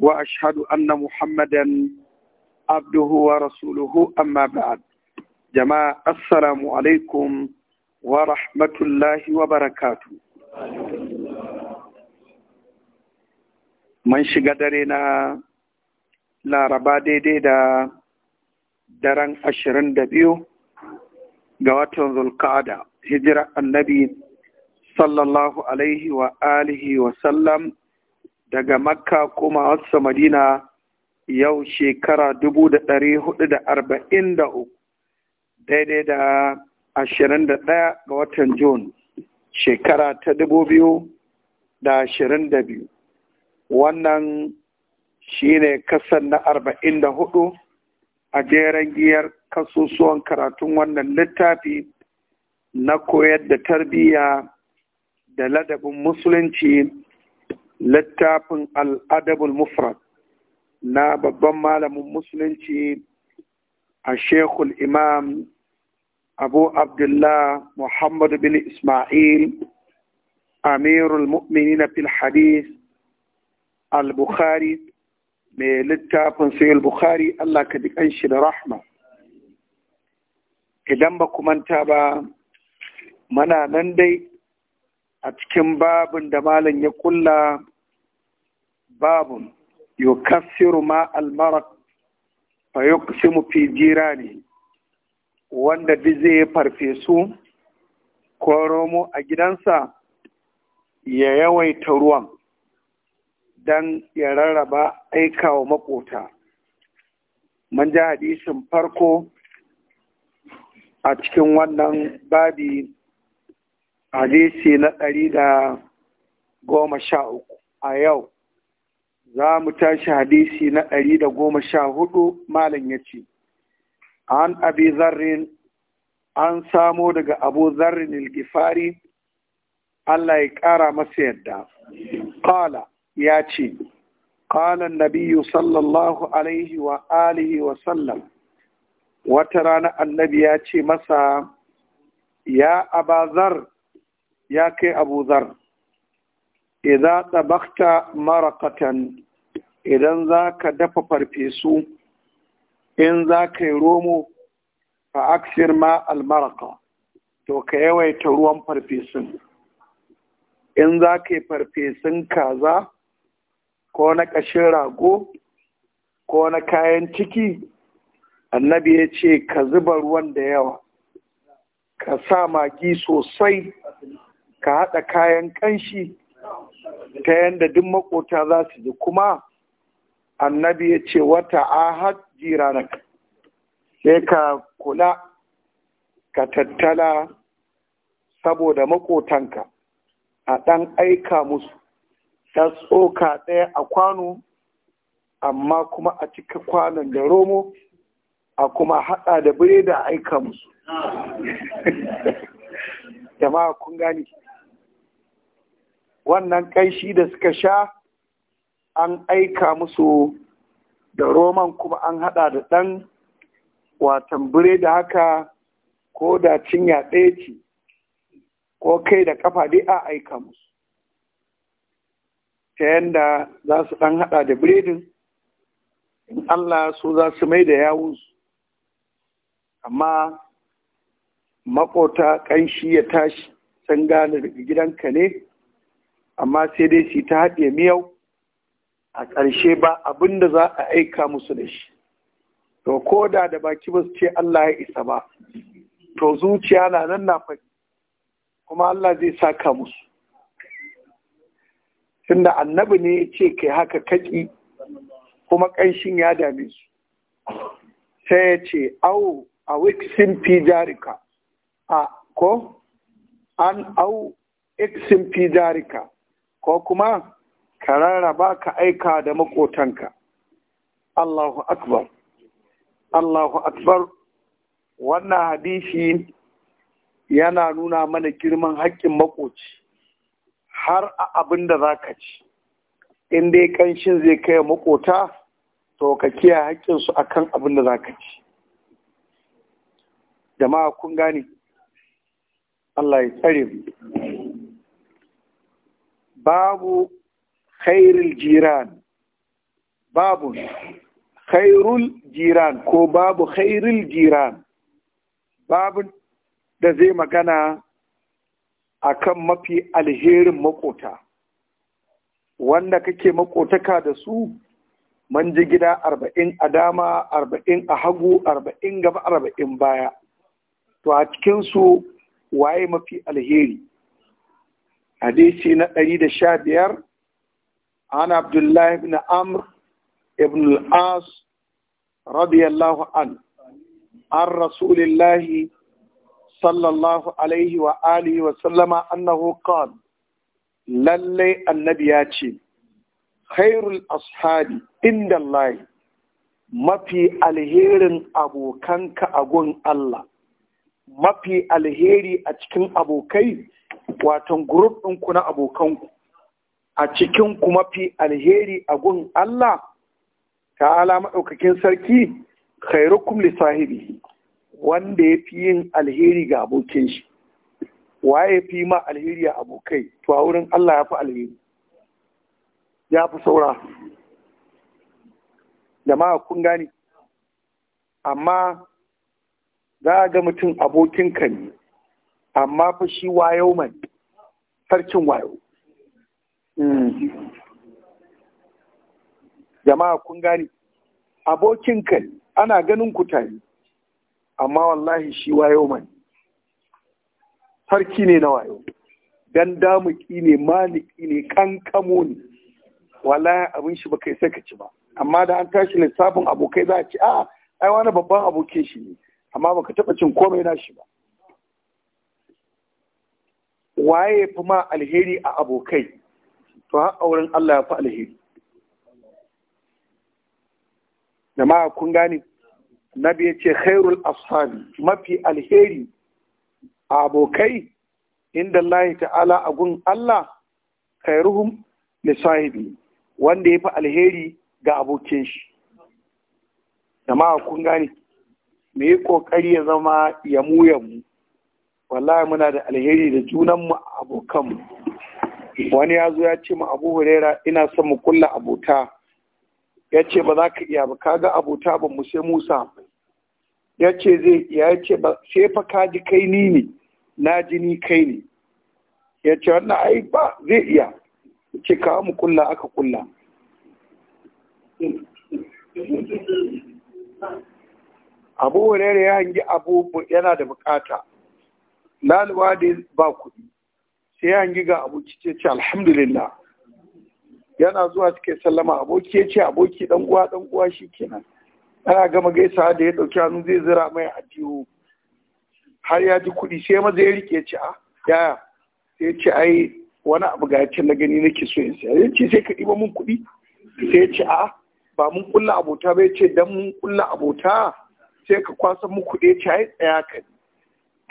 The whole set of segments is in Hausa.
وأشهد أن محمدا عبده ورسوله أما بعد جماعة السلام عليكم ورحمة الله وبركاته من شقدرنا لا ربا ديدي دا daren ashirin da biyu ga watan zulkada hijira annabi sallallahu alaihi wa alihi wa sallam daga makka kuma wasu madina yau shekara dubu da ɗari hudu da arba'in da uku daidai da ashirin da ɗaya ga watan Jun shekara ta dubu biyu da ashirin da biyu wannan shine kasan na arba'in da hudu a jeren giyar kasusuwan karatun wannan littafi na koyar da tarbiyya da ladabin musulunci littafin al'adabul mufrad na babban malamin musulunci a shekul imam abu abdullah muhammad bin ismail amirul mu'minin fil hadith al-bukhari mai littafin sayul bukhari allah ka dikan shi da rahma idan ba manta ba mana nan dai a cikin babin da malam ya kulla Babu yukaffiru ma almarak fa yuqsimu fi jirani wanda duk zai farfesu ko romo a gidansa ya yawaita ruwan don ya rarraba aikawa wa makota mun ji hadisin farko a cikin wannan babi hadisi na ɗari da goma sha uku a yau za mu tashi hadisi na ɗari da goma sha hudu malam ya ce an abi zarrin an samo daga abu zarrin ilgifari Allah ya ƙara masa yadda ƙala ya ce ƙalan nabiyu sallallahu alaihi wa alihi wa sallam wata rana annabi ya ce masa ya abazar ya kai abuzar idza tabakta marakatan idan za ka dafa farfesu in za ka yi romo fa aksir ma almaraka to ka yawaita ruwan farfesun in za ka yi farfesun kaza ko na ƙashin rago ko na kayan ciki annabi ya ce ka zuba ruwan da yawa ka sa magi sosai ka haɗa kayan ƙanshi ta yadda duk makota za su ji kuma annabi ya ce wata ahad jiranak sai ka kula ka tattala saboda makotanka a ɗan aika musu ta tsoka ɗaya a kwano amma kuma a cika kwanon da romo a kuma haɗa da bire da aika musu jama'a kun gani wannan ƙanshi da suka sha an aika musu da roman kuma an haɗa da ɗan watan bire da haka ko da cinya ɗaya ce ko kai da ƙafa dai a aika musu ta yadda za su ɗan haɗa da biredin in Allah so za su mai da yawunsu amma maƙota kanshi ya tashi sun gane daga gidanka ne amma sai dai su ta haɗe miyau a ƙarshe ba abin da za a aika musu da shi to ko da da baki ba su ce Allah ya isa ba to zuciya na nan na faɗi kuma Allah zai saka musu tunda annabi ne ya ce kai haka kaki kuma ƙanshin ya dame su sai ya ce au a wiksin fi jarika a ko an au iksin fi jarika ko kuma ka rarraba ka aika da makotanka Allahu akbar Allahu akbar wannan hadishi yana nuna mana girman haƙƙin makoci har a abin da za ka ci in dai ƙanshin zai kai makota to ka kiyaye haƙƙinsu a kan abin da za ka ci jama'a kun gane Allah ya tsare mu babu khairul jiran babu jiran ko babu khairul jiran babu da zai magana akan mafi alherin makota wanda kake makotaka da su man ji gida arba'in a dama arba'in a hagu arba'in gaba arba'in baya to a cikinsu waye mafi alheri hadisi na ɗari da sha biyar عن عبد الله بن عمرو بن العاص رضي الله عنه عن رسول الله صلى الله عليه وآله وسلم أنه قال للي النبي ياتي خير الأصحاب عند الله mafi alherin abokanka a gun Allah, mafi alheri a cikin abokai, watan gurub ɗinku na abokanku, a cikin kuma fi alheri a gun Allah ta ala maɗaukakin sarki khairukum li sahibi wanda ya fi yin alheri ga abokin shi waye fi ma alheri a abokai to a wurin Allah ya fi alheri ya fi saura jama'a kun gane amma za a ga mutum abokinka ne amma fa shi wayo mai sarkin wayo Hmm. jama'a kun gane abokin kai ana ganin ku tare amma wallahi shi wayo sarki ne na wayo dan damuki ne maliki ne kankamo ne wallahi abin shi baka sai ka ci ba amma da an tashi lissafin abokai za a ci a ah, ai wani babban abokin shi ne amma baka taba cin komai na shi ba waye fi ma alheri a abokai to har auren Allah ya fi alheri jama'a kun gane nabi ya ce khairul ashabi mafi alheri a abokai inda Allah ta'ala a gun Allah khairuhum li sahibi wanda ya fi alheri ga abokin shi jama'a kun gane me yi kokari ya zama yamu yamu wallahi muna da alheri da junanmu abokanmu wani ya zo ya ce ma abu hurera ina son mu kulla abota ya ce ba za ka iya ba ka ga abota ba mu sai musa ya ce zai iya ya ce ba sai fa ka ji kai ni ne na ji ni kai ne ya ce wannan ai ba zai iya ya ce kawo mu kulla aka kulla abu hurera ya hangi abu yana da bukata laluwa da ba kuɗi sai ya yi ga aboki ce ce alhamdulillah yana zuwa suke sallama aboki ya ce aboki dan uwa dan uwa shikenan ana gama gaisawa da ya dauki hannu zai zira mai adiyo har ya ji kuɗi sai maza ya rike ci ah, a yaya sai ce ai wani abu ga yace na gani nake so in sai ya ce sai ka ɗiba mun kuɗi sai ya ce a ba mun kulla abota ba ya ce dan mun kulla abota sai ka kwasa mun kuɗi ya ce ai tsaya ka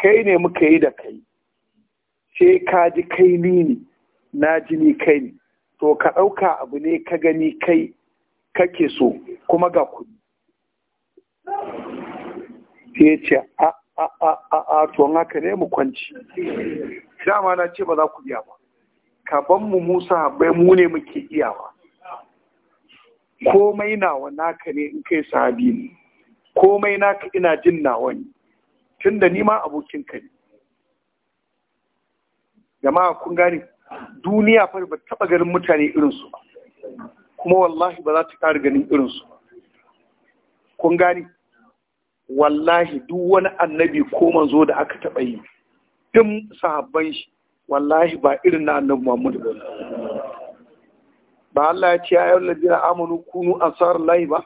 kai ne muka yi da kai sai ka ji kai ni ne na ji ni kai ne to ka ɗauka abu ne ka gani kai kake so kuma ga kuɗi ya ce a a to haka ne mu kwanci dama na ce ba za ku biya ba ka ban mu musa bai mu ne muke iyawa komai nawa naka ne in kai sahabi ne komai naka ina jin nawa ne tunda ni ma abokin ka ne jama'a kun gane duniya fa ba taba ganin mutane irinsu ba kuma wallahi ba za ta ƙara ganin irinsu ba kun gane wallahi duk wani annabi ko manzo da aka taɓa yi duk sahabban shi wallahi ba irin na annabi Muhammadu ba ba Allah ya ce ayyul ladina amanu kunu ansar lahi ba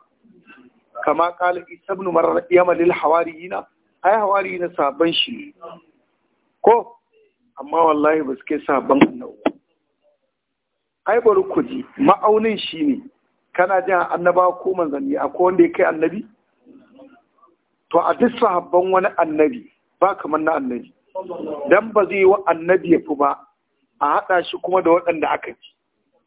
kama qala isa ibn maryam lil hawariyina ay hawariyina sahabban shi ko amma wallahi ba su kai sabon annabi ai bari ku ji ma'aunin shi ne kana jin annaba ko manzanni akwai wanda ya kai annabi to a duk sahabban wani annabi ba kamar na annabi dan ba zai wa annabi ya fi ba a haɗa shi kuma da waɗanda aka ci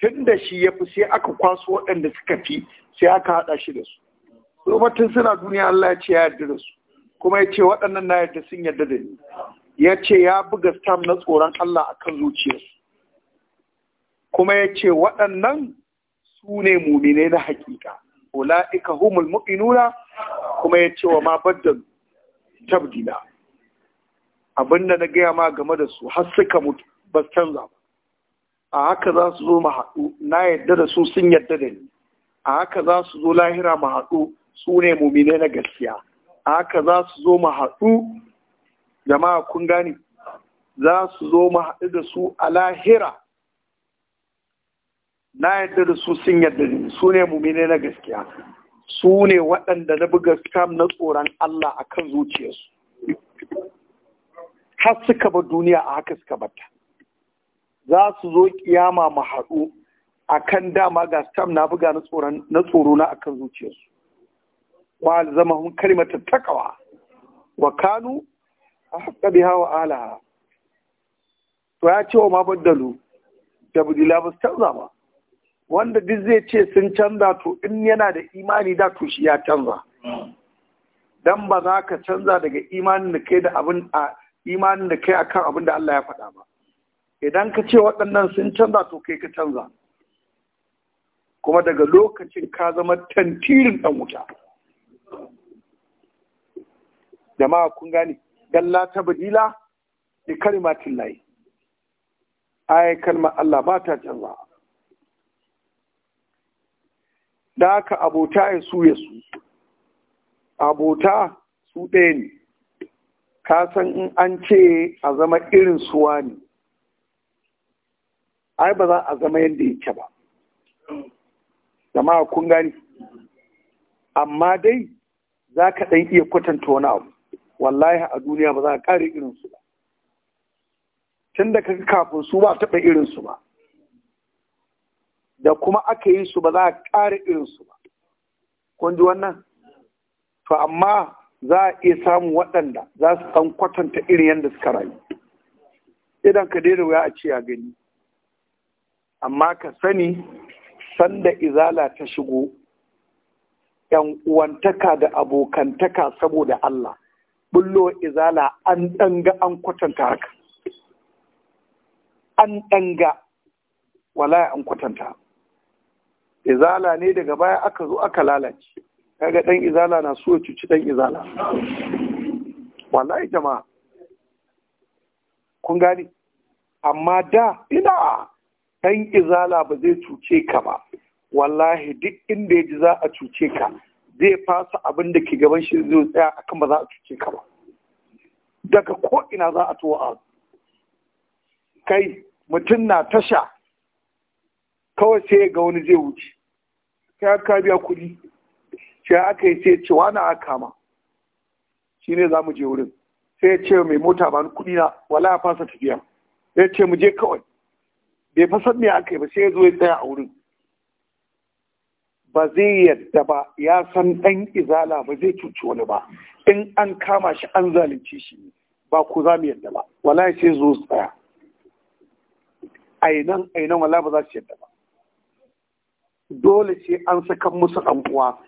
tun da shi ya fi sai aka kwaso waɗanda suka fi sai aka haɗa shi da su tun suna duniya Allah ya ce ya yarda da su kuma ya ce waɗannan na yarda sun yarda da ni ya ce ya buga stam na tsoron Allah a kan zuciyarsu kuma ya ce waɗannan su ne muminai na hakika ika humul mu'minuna kuma ya ce wa ma baddal tabdila abinda na gaya ma game da su har suka mutu ba canza ba a haka za su zo mu haɗu na yadda da su sun yadda da ni a haka za su zo lahira mu haɗu su ne muminai na gaskiya a haka za su zo mu haɗu jama'a kun gane za su zo mu haɗu da su a lahira na yadda da su sun yadda ne su ne mumine na gaskiya su ne waɗanda na buga kam na tsoron Allah a kan zuciyarsu har suka ba duniya a haka suka bata za su zo kiyama mu haɗu a kan dama ga stam na buga na tsoro na akan zuciyarsu ba zama hun kalmata takawa wa kanu ahqqa biha wa alaha to ya ce wa ma baddalu tabdila ba su canza ba wanda duk zai ce sun canza to in yana da imani da to shi ya canza dan ba za ka canza daga imanin da kai da abin a imanin da kai akan abin da Allah ya faɗa ba idan ka ce waɗannan sun canza to kai ka canza kuma daga lokacin ka zama tantirin ɗan wuta jama'a kun gane dalla ta badila da kalimatin layi ayi kalmar Allah ba ta canza da haka abota ya su ya su abota su ɗaya ne ka san in an ce a zama irin suwa ne ai ba za a zama yadda yake ba jama'a kun gani amma dai za ka ɗan iya kwatanta wani abu wallahi a duniya ba za ka kare irin su ba tun da kaga kafin su ba taɓa irin su ba da kuma aka yi su ba za a ƙara irin su ba kun ji wannan to amma za a iya samun waɗanda za su ɗan kwatanta irin yadda suka rayu idan ka dai da wuya a ce ya gani amma ka sani sanda izala ta shigo yan uwantaka da abokantaka saboda Allah bullo izala an ɗanga an kwatanta haka an ɗanga wala an kwatanta izala ne daga baya aka zo aka lalace kaga ɗan izala na so cuci ɗan izala wallahi jama'a kun gani amma da ina dan izala ba zai cuce ka ba wallahi duk inda ya ji za a cuce ka zai fasa abin da ke gaban shi zai tsaya akan ba za a cuce ka ba daga ko ina za a tuwa a kai mutum na tasha kawai sai ga wani zai wuce sai aka biya kuɗi sai aka yi sai ce wani aka kama shi ne za mu je wurin sai ya ce mai mota ba ni kuɗi na wala ya fasa tafiya sai ya ce mu je kawai bai fasar me aka yi ba sai ya zo ya tsaya a wurin ba zai yadda ba ya san ɗan izala ba zai cuci wani ba in an kama shi an zalunci shi ba ku za mu yadda ba wallahi sai zo tsaya ainan ainan wala ba za su yadda ba dole sai an saka musu anguwa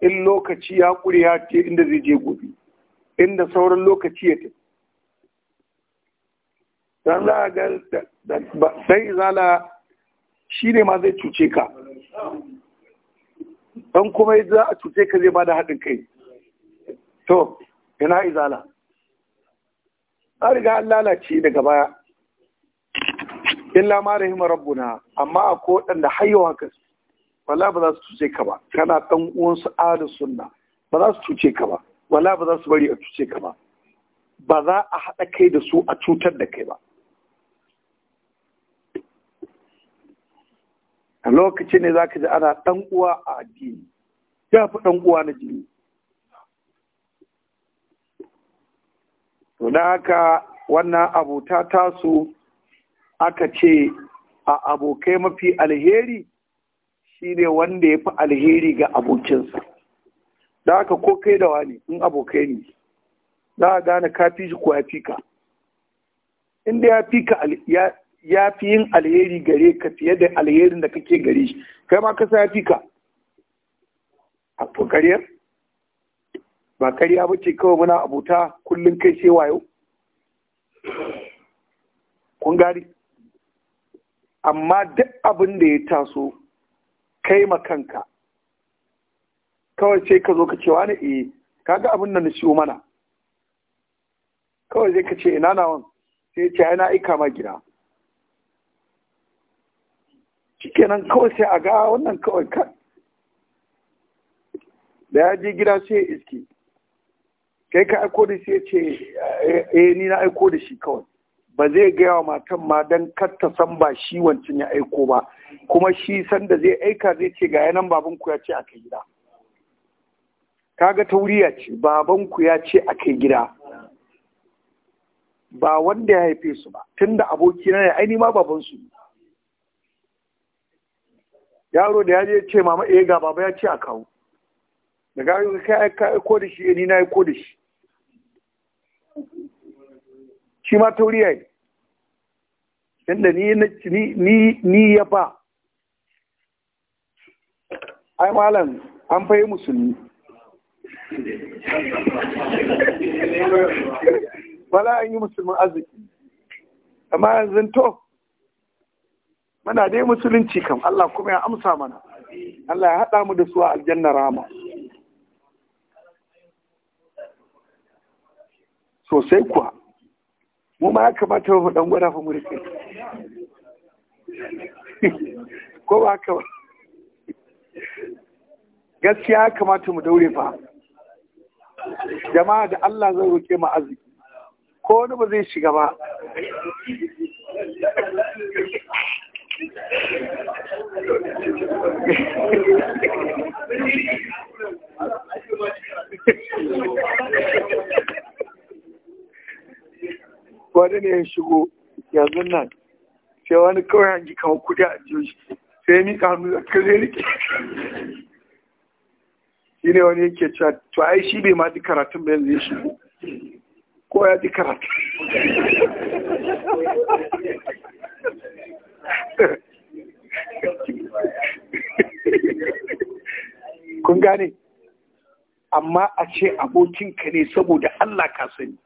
in lokaci ya ƙure ya ce inda zai je gobe inda sauran lokaci ya tafi dan za a ga dan izala shi ne ma zai cuce ka don kuma yi za a cuce ka zai ba da haɗin kai to ina izala an riga an lalace daga baya illa ma rahima rabbuna amma a ko waɗanda hayyawa haka wala ba za su cuce ka ba kana ɗan uwansu adin sunna ba za su cuce ka ba wala ba za su bari a cuce ka ba ba za a haɗa kai da su a cutar da kai ba lokaci ne za ka ji ana ɗan uwa a addini ya fi ɗan uwa na jini to haka wannan abota tasu aka ce a abokai mafi alheri shine wanda ya fi alheri ga abokinsa da haka ko kai da wani in abokai ne za a gane ka fi shi ko ya fi ka inda ya fi ka ya fi yin alheri gare ka fiye da alherin da kake gare shi kai ma ka sa fi ka a ƙoƙariyar? ba kariya ba ce kawai muna abuta kullum kai sai wayo kun gari amma duk abin da ya taso kai ma kanka kawai sai ka zo ka ce wani eh kaga abin da na siyo mana kawai sai ka ce ina nawan sai ce ina na aika ma gida shikenan kawai sai a ga wannan kawai kan da ya je gida sai ya iske kai ka aiko da shi ya ce eh ni na aiko da shi kawai ba zai gaya wa matan ma don ta san ba shi wancan ya aiko ba kuma shi sanda zai aika zai ce ga yanan babanku ya ce a kai gida kaga tauriya ce babanku ya ce a kai gida ba wanda ya haife su ba tunda aboki na ne ai ma babansu ne yaro da ya je ce mama eh ga baba ya ce a kawo da ga kai ka ko da shi eh, ni na yi ko da shi shi ma tauriya yi inda ni ni ya ba ai malam an fayi musulmi wala an yi musulmin arziki amma yanzu to muna dai musulunci kam Allah kuma ya amsa mana Allah ya haɗa mu da su a aljanna rama sosai kuwa mu ma ya kamata mu dan gwada fa mu rike ko ba haka ba gaskiya ya kamata mu daure fa jama'a da Allah zai roƙe mu arziki ko wani ba zai shiga ba wani ne ya shigo yanzu nan sai wani kawai hangi kawo kudi a jiyoshi sai ya mika hannu da kare rike shi ne wani yake cewa to ai shi bai ma duk karatun ba yanzu ya shigo ko ya ji karatu kun gane amma a ce abokinka ne saboda Allah ka sani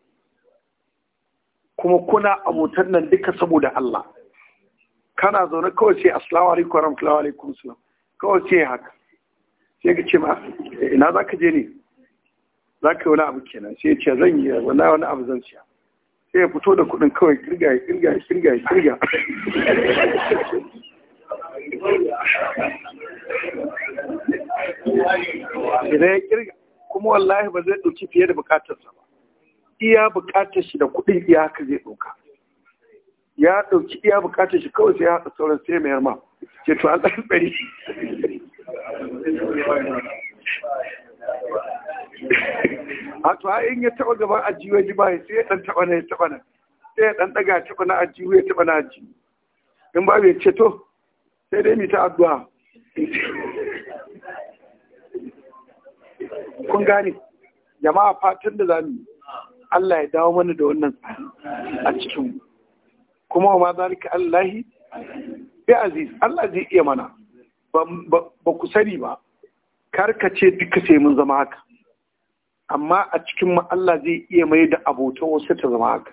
kuma kuna abotan nan duka saboda Allah kana zaune kawai ce assalamu alaikum warahmatullahi alaikum salam kawai ce haka sai ka ce ma eh, ina za ka je ne za ka yi wani abu kenan sai ce zan yi wani abu zan siya sai ya fito da kuɗin kawai girga ya girga ya girga ya girga idan ya kirga kuma wallahi ba zai ɗauki fiye da bukatarsa ba iya bukatar shi da kuɗin iya haka zai ɗauka ya ɗauki iya bukatar shi kawai sai ya haka sauran sai mayar ma ke to an ɗan ɓari a to in ya taba gaban ajiyu ya ji ba sai ya dan taba na ya taba na sai ya dan daga taba na ajiyu ya taba na ajiyu in ba bai ce to sai dai mu ta addu'a kun gane jama'a fatan da zamu Allah ya dawo mana da wannan tsari a cikin kuma ma zalika Allahi bi aziz Allah zai iya mana ba ku sani ba karkace duka sai mun zama haka amma a cikin Allah zai iya mai da abotan wasu ta zama haka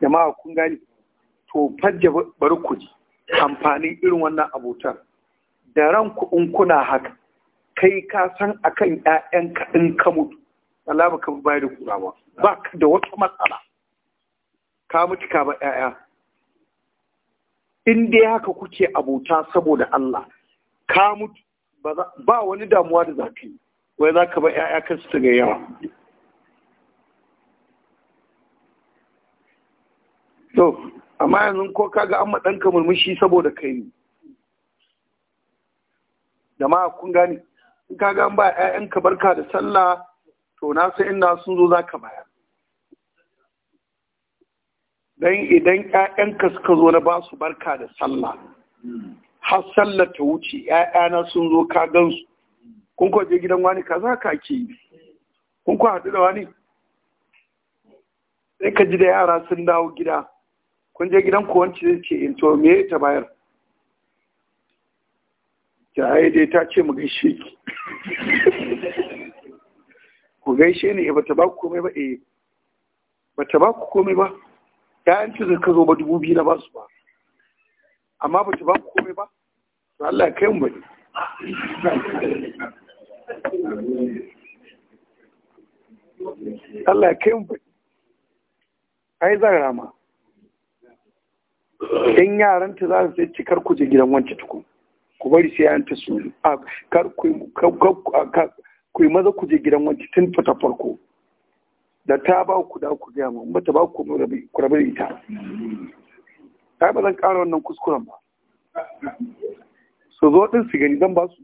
jama'a kun gani to fajja bari ku ji amfanin irin wannan abotar da ranku in kuna haka kai ka san akan ƴaƴanka in ka mutu Allah ba ka bayar da kura ba ba da wata matsala ka mutu ka ba ƴaƴa in dai haka kuke abota saboda Allah ka mutu ba wani damuwa da za ka yi wai za ka ba 'ya'ya kan su ga yawa So, amma yanzu ko kaga an maɗanka murmushi saboda kai ne da ma kun gane in kaga an ba ka barka da sallah to na san na sun zo za ka bayar dan idan ka suka zo na ba su barka da sallah har sallar ta wuce ‘ya'yana sun zo ka gansu kun kuwa je gidan wani ka za ka ke yi kun kuwa haɗu da wani sai ka ji da yara sun dawo gida kun je gidan kowanci zai ce in eh, to me ta bayar jaye dai ta ce mu gaishe ki ku gaishe ne eh, ba ta ba ku komai ba eh ba ta ba ku komai ba ‘ya'yan ce zai ka zo ba dubu biyu na ba su ba amma ba ta ba ku komai ba Allah kai mu bari Allah kai mu bari ai zan rama in yaran ta za su sai ci kar kuje gidan wancan tukun ku bari sai yaran ta su kar ku ku maza ku gidan wancan tun ta farko da ta ba ku da ku gaya mu ta ba ku ku rabi ita ta ba zan ƙara wannan kuskuren ba su zo ɗin su gani don ba su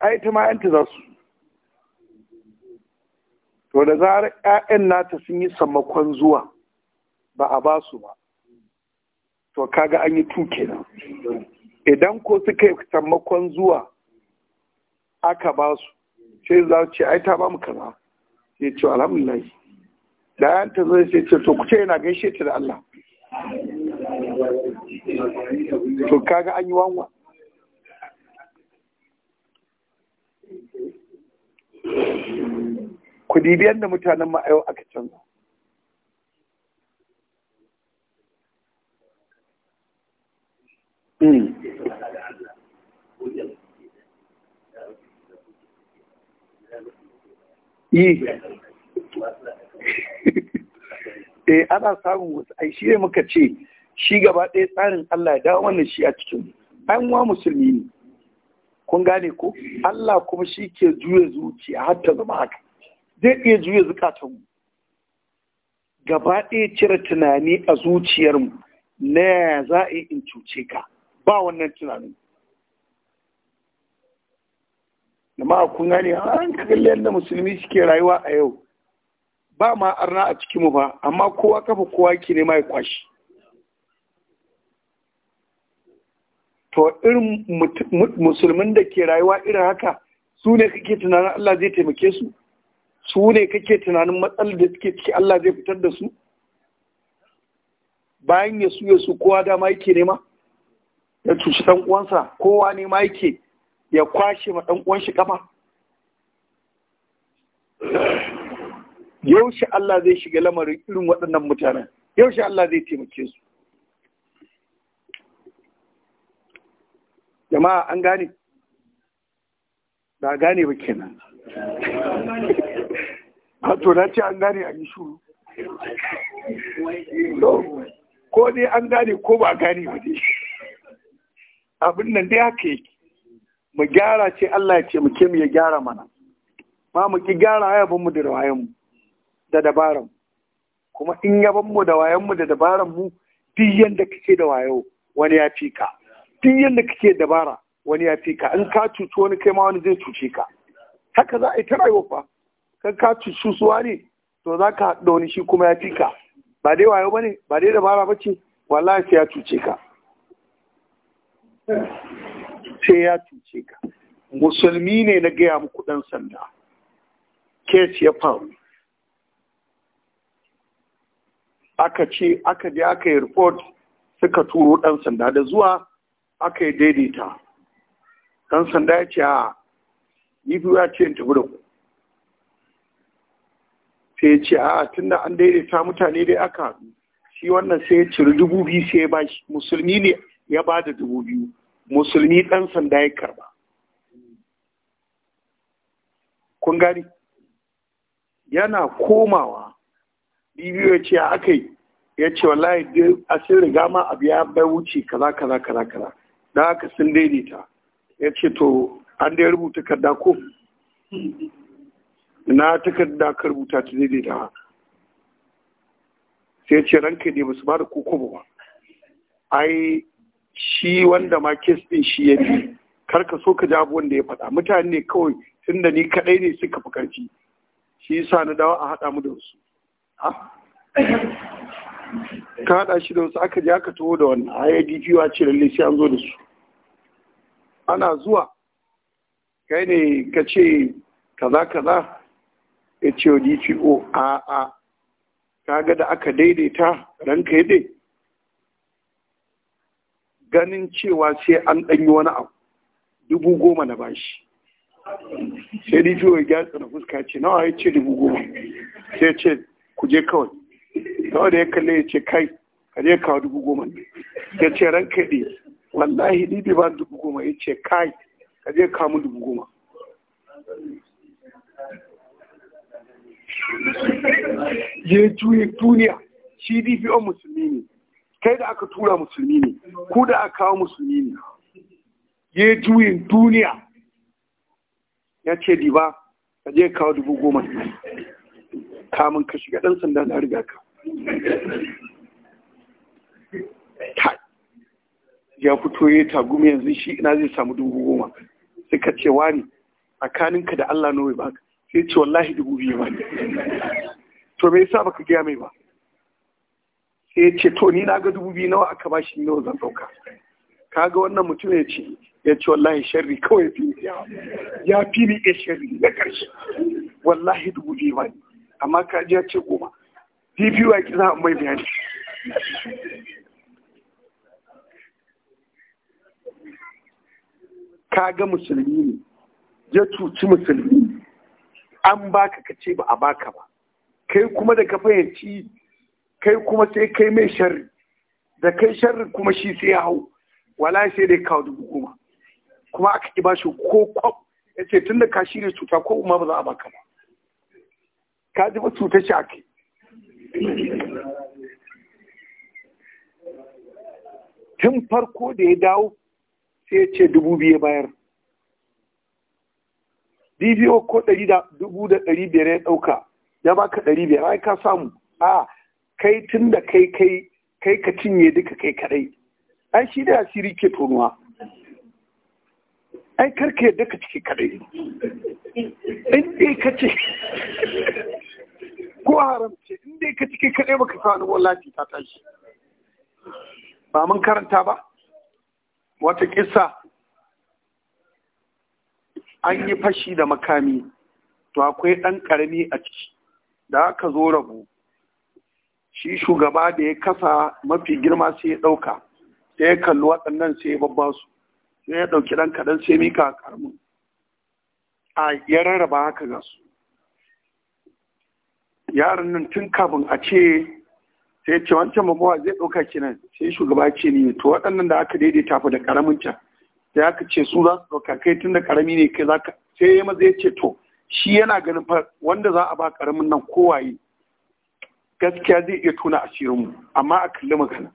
ai ita ma yanta za su to da zarar ƴaƴan nata sun yi sammakon zuwa ba a ba su ba to kaga an yi tu kenan idan ko suka yi sammakon zuwa aka ba su sai za ce ai ta ba mu kaza sai ce alhamdulillah da yanta zai ce to kuce yana gaishe ta da Allah to kaga an yi wanwa ku biyan da mutanen ma'ayau aka canza hmm. yi eh ana samun wasu ai shi ne muka ce shi gaba ɗaya tsarin Allah ya dawo wannan shi a cikin an wa musulmi ne kun gane ko Allah kuma shi ke juya zuciya har ta zama haka zai iya juya mu gaba ɗaya cire tunani a zuciyar zuciyarmu na za a yi in cuce ka ba wannan tunanin amma kun gane an ka kalli yadda musulmi suke rayuwa a yau ba ma arna a mu ba amma kowa kafa kowa ki ne mai kwashi to irin musulmin da ke rayuwa irin haka su ne kake tunanin Allah zai taimake su su ne kake tunanin matsalar da suke ciki Allah zai fitar da su bayan ya suya su kowa dama yake nema ya cuci dan uwansa kowa ne ma yake ya kwashe ma dan uwan shi kafa yaushe Allah zai shiga lamarin irin waɗannan mutanen yaushe Allah zai taimake su jama'a an gane ba gane ba kenan a to na ce an gane a yi shuru ko dai an gane ko ba gane ba dai abin nan dai haka yake mu gyara ce Allah ya ce mu ke mu ya gyara mana ma mu ki gyara ayabin mu da rawayen mu da dabaran kuma in yaban mu da wayan mu da dabaran mu duk yanda kace da wayo wani ya fi ka duk yadda kake dabara wani ya fi ka in ka cuci wani kai ma wani zai cuce ka haka za a yi ta rayuwa fa kan ka cuci su wani to za ka haɗa wani shi kuma ya fi ka ba dai wayo ba ne ba dai dabara ba ce wallahi sai ya cuce ka sai ya cuce ka musulmi ne na gaya muku ɗan sanda kes ya faru aka ce aka je aka yi report suka turo ɗan sanda da zuwa aka yi daidaita ɗan sanda ya ce a yi ya ce in tafi da ku sai ya ce a tunda an daidaita mutane dai aka shi wannan sai ya ciri dubu biyu sai ya bashi musulmi ne ya ba da dubu biyu musulmi ɗan sanda ya karba kun gani yana komawa bibiyo ya ce a aka yi ya ce wallahi a sun riga ma abu ya bai wuce kaza kaza kaza kaza da aka sun daidaita ya ce to an da ya rubuta kadda ko na takarda ka rubuta ta daidaita sai ce ranka ne ba su ba da koko ba ai shi wanda ma kes din shi ya bi kar ka so ka ji wanda ya faɗa mutane ne kawai tun da ni kaɗai ne suka fi karfi shi sa na dawa a haɗa mu da wasu ka haɗa shi da wasu aka je aka taho da wannan a ya ce lallai sai an zo da su ana zuwa kai ne ka ce kaza kaza ya ce wa dpo a a ga da aka daidaita ranka ya dai ganin cewa sai an ɗanyi wani abu dubu goma na bashi sai dpo ya gyatsa na fuska ce nawa ya ce dubu goma sai ce ku je kawai kawai da ya kalle ya ce kai ka je kawo dubu goma ne ya ce ranka ya wallahi ni ba dubu goma ya ce kai ka je kamu dubu goma ya juye duniya shi dpo musulmi ne kai da aka tura musulmi ne ku da aka kawo musulmi ne ya juye duniya ya ce diba ka je kawo dubu goma kamun ka shiga ɗan sanda na riga ka ya fito ya tagumi yanzu shi ina zai samu dubu goma sai ka ce wani ka da Allah nawa ba ka? sai ce wallahi dubu biyu ba to me yasa baka gaya mai ba sai ya ce to ni na ga dubu biyu nawa aka bashi nawa zan dauka ga wannan mutum ya ce ya ce wallahi sharri kawai ya fi ya fi ni ya sharri na karshe wallahi dubu biyu ba amma ka ji ya ce goma bibiyu a ki za a mai bayani kaga musulmi ne ya cuci musulmi an baka ka ce ba a baka ba kai kuma da ka fahimci kai kuma sai kai mai sharri da kai sharri kuma shi sai ya hau wala sai dai kawo dubu goma kuma aka ki bashi ko kwab ya ce tun da ka shirya cuta ko ma ba za a baka ba ka ji ba cuta shi ake tun farko da ya dawo sai ce dubu biyu bayar dvo ko ɗari da dubu da ɗari biyar ya ɗauka ya baka ɗari biyar ai ka samu a kai tun da kai kai kai ka cinye duka kai kaɗai ai shi da asiri ke tonuwa ai karka yadda ka ciki kaɗai in dai ka ce ko haram ce in dai ka ciki kaɗai baka sa wani wallafi ta tashi ba mun karanta ba wata kisa an yi fashi da makami to akwai ɗan ƙarami a ciki da aka zo rabu shi shugaba da ya kasa mafi girma sai ya ɗauka sai ya kalli waɗannan sai ya babba su sai ya ɗauki ɗan kaɗan sai mika a ƙaramin a ya rarraba haka ga su yaran nan tun kafin a ce sai ce wancan babawa zai ɗauka kenan sai shugaba ce ne to waɗannan da aka daidaita fa da karamin can sai aka ce su za su ɗauka kai tun da karami ne kai zaka sai ya maza ya ce to shi yana ganin fa wanda za a ba karamin nan kowaye gaskiya zai iya tona asirinmu amma a kalli magana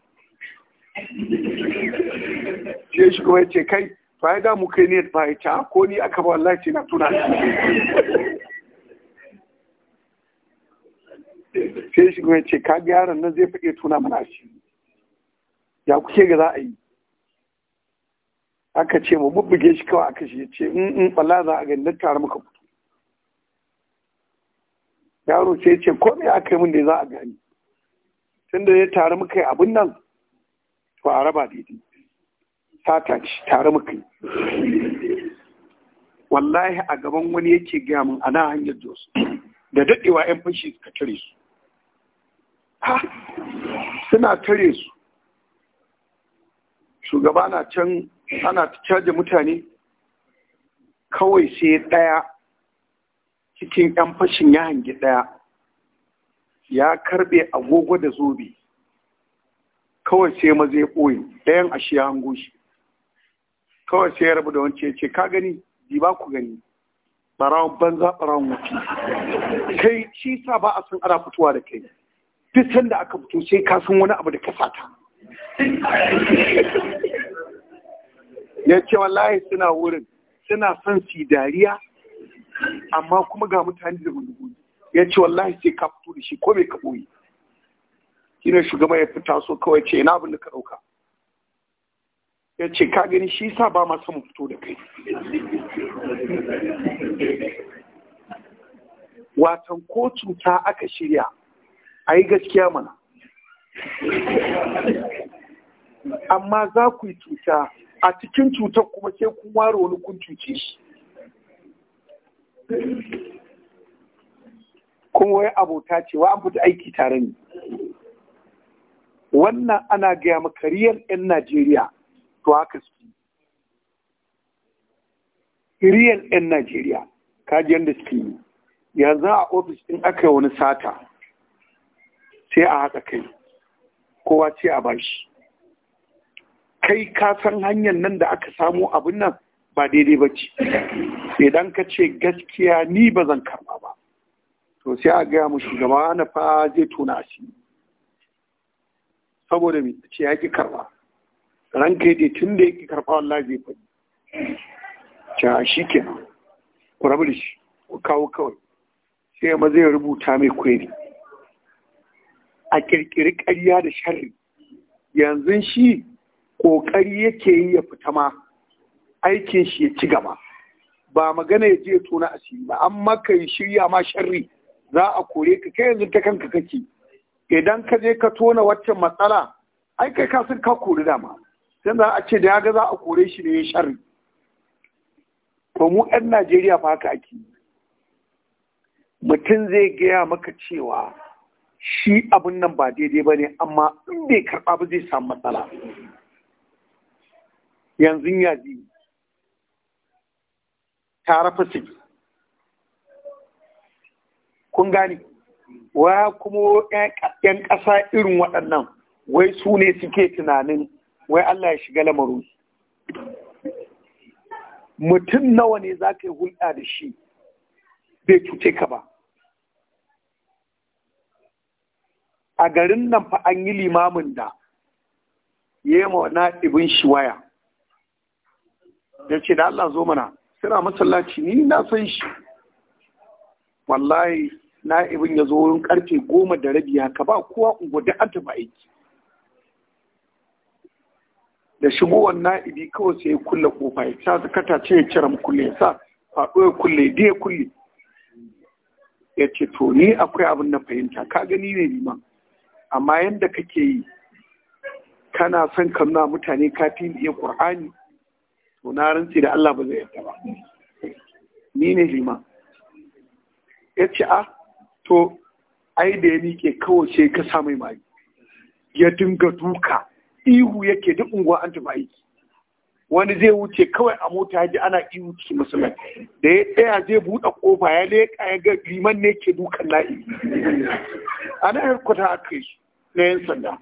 sai shugaba ya ce kai fa ya damu kai ne ba ya ta ko ni aka ba wallahi ce na tona asirinmu sai shi kuma ce ka yaron nan zai fage tuna mana shi ya kuke ga za a yi aka ce mu bubbuge shi kawai aka shi ce in in balla za a gani na tare muka fito yaro sai ce ko me aka yi min da za a gani tunda ya tare muka yi abin nan to a raba daidai Ta ce tare muka yi wallahi a gaban wani yake gaya min ana hanyar da su da daɗewa 'yan fashi suka tare su suna tare su shugaba na can ana caje mutane kawai sai ɗaya cikin 'yan fashin ya hangi ɗaya ya karɓe agogo da zobe kawai sai maza ya ɓoye ɗayan ashe ya hango shi kawai sai ya rabu da wance ce ka gani ji ba ku gani ɓarawon banza ɓarawon wuce kai shi sa ba a san ana fitowa da kai duk sanda aka fito sai ka san wani abu da ka sata ya ce wallahi suna wurin suna son su dariya amma kuma ga mutane da gudu ya ce wallahi sai ka fito da shi ko mai ka boye shine shugaban ya fita so kawai ce ina abin da ka ɗauka ya ce ka gani shi sa ba ma mu fito da kai watan ko cuta aka shirya a yi gaskiya mana amma za ku yi cuta a cikin cutar kuma sai kun ware wani kun cuce shi kun wai abota ce wa an fita aiki tare ne wannan ana gaya makariyar 'yan najeriya to haka su Riyal 'yan najeriya kajiyar da suke yi yanzu a ofis ɗin aka yi wani sata sai a haka kai kowa ce a bashi kai ka san hanyar nan da aka samu abin nan ba daidai ba ce idan ka ce gaskiya ni ba zan karba ba to sai a gaya mu shugaba na fa zai tona asiri saboda mai ce ya ki karba ranka dai tun da yake karba wallahi zai faɗi ta shi kenan ku da shi ku kawo kawai sai ma zai rubuta mai kweri a kirkiri ƙarya da sharri yanzu shi ƙoƙari yake yi ya fita ma aikin shi ya ci gaba ba magana ya je tona asiri ba an ka yi shirya ma sharri za a kore ka kai yanzu ta kanka kake idan ka je ka tona waccan matsala ai kai ka sun ka kori dama sai za a ce da ya ga za a kore shi ne ya sharri to mu ɗan Najeriya fa haka ake mutum zai gaya maka cewa shi abun nan ba daidai ba ne amma in bai karɓa ba zai samu matsala yanzu ya ji ta rafa kun gane wa kuma yan ƙasa irin waɗannan wai su ne suke tunanin wai Allah ya shiga lamarin mutum nawa ne za ka yi hulɗa da shi bai cuce ka ba a garin nan fa an yi limamin da ya yi na ibin shi waya ya ce da Allah zo mana suna masallaci ni na san shi wallahi na ibin ya zo wurin karfe goma da rabiya ka ba kowa da an tafi aiki da shigowar na'ibi kawai sai ya kulle kofa ya sa zakata ce ya cire kulle ya sa faɗo ya kulle da ya kulle ya ce to ni akwai abin na fahimta ka gani ne liman amma yadda kake yi kana son ka nuna mutane ka iya ƙur'ani to na rantse da Allah ba zai yarda ba ni ne liman ya ce a ah, to ai da ya miƙe kawai sai ka sa mai mai ya dinga duka ihu yake duk unguwa an tafi aiki wani zai wuce kawai a mota ya ji ana ihu cikin da ya tsaya zai buɗe ƙofa ya leƙa ya ga liman ne ke dukan la'i ana yarkwata a kai shi na yan sanda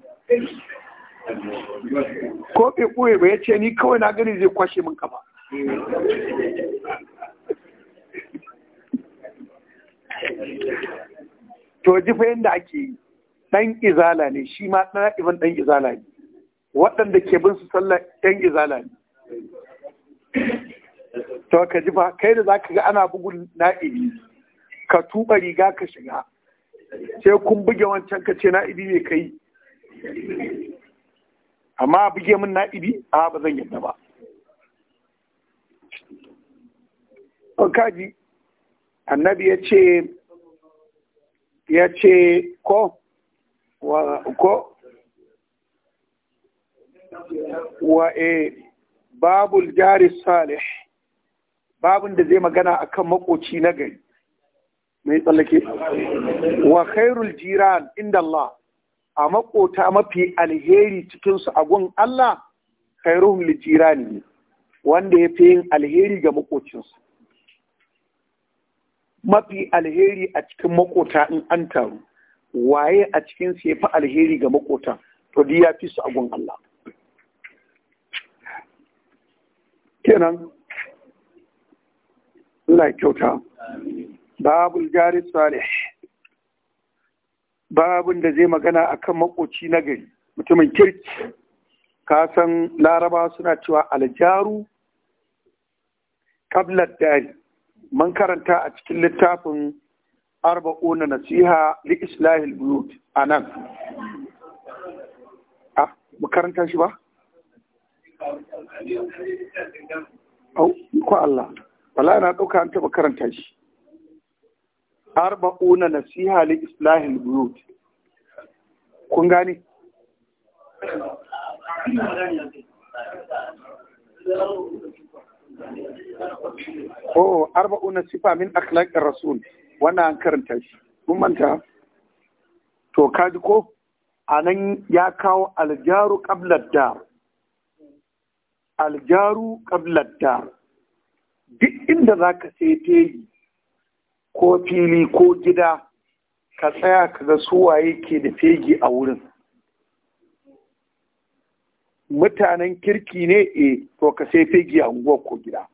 ko bai ɓoye ba ya ce ni kawai na gani zai kwashe min kafa to ji fa yadda ake yi ɗan izala ne shi ma ɗan ɗan izala ne waɗanda ke bin su sallah ɗan izala ne to ka ji kai da za ka ga ana bugun na'ibi ka tuba riga ka shiga sai kun buge wancan ka ce na'ibi ne kai amma buge min na'ibi a ba zan yadda ba kaji annabi ya ce ya ce ko wa ko wa e babul jari salih babun da zai magana akan makoci na gari mai tsallake wa khairul jiran inda Allah a makota mafi alheri cikinsu a gun Allah khairuhum li jirani wanda ya fi yin alheri ga makocinsu mafi alheri a cikin makota in an taru waye a cikinsu ya fi alheri ga makota to ya fi su a Allah kenan Allah kyauta babul jari salih babun da zai magana akan makoci na gari mutumin kirki ka san laraba suna cewa aljaru kablar dari man karanta a cikin littafin arba'una nasiha li islahil buyut a nan a ah, makaranta shi ba? ko Allah bala na ɗauka an taɓa karanta shi arba'una nasiha li islahil buyut kun gane Oh, arba'una sifa min akhlaqir rasul wannan an karanta shi kun manta to kaji ko anan ya kawo aljaru qabla dar aljaru qabla dar duk inda zaka sai ta yi ko fili ko gida ka tsaya ka ga suwaye ke da fegi a wurin mutanen kirki ne e to ka sai fegi a unguwa ko gida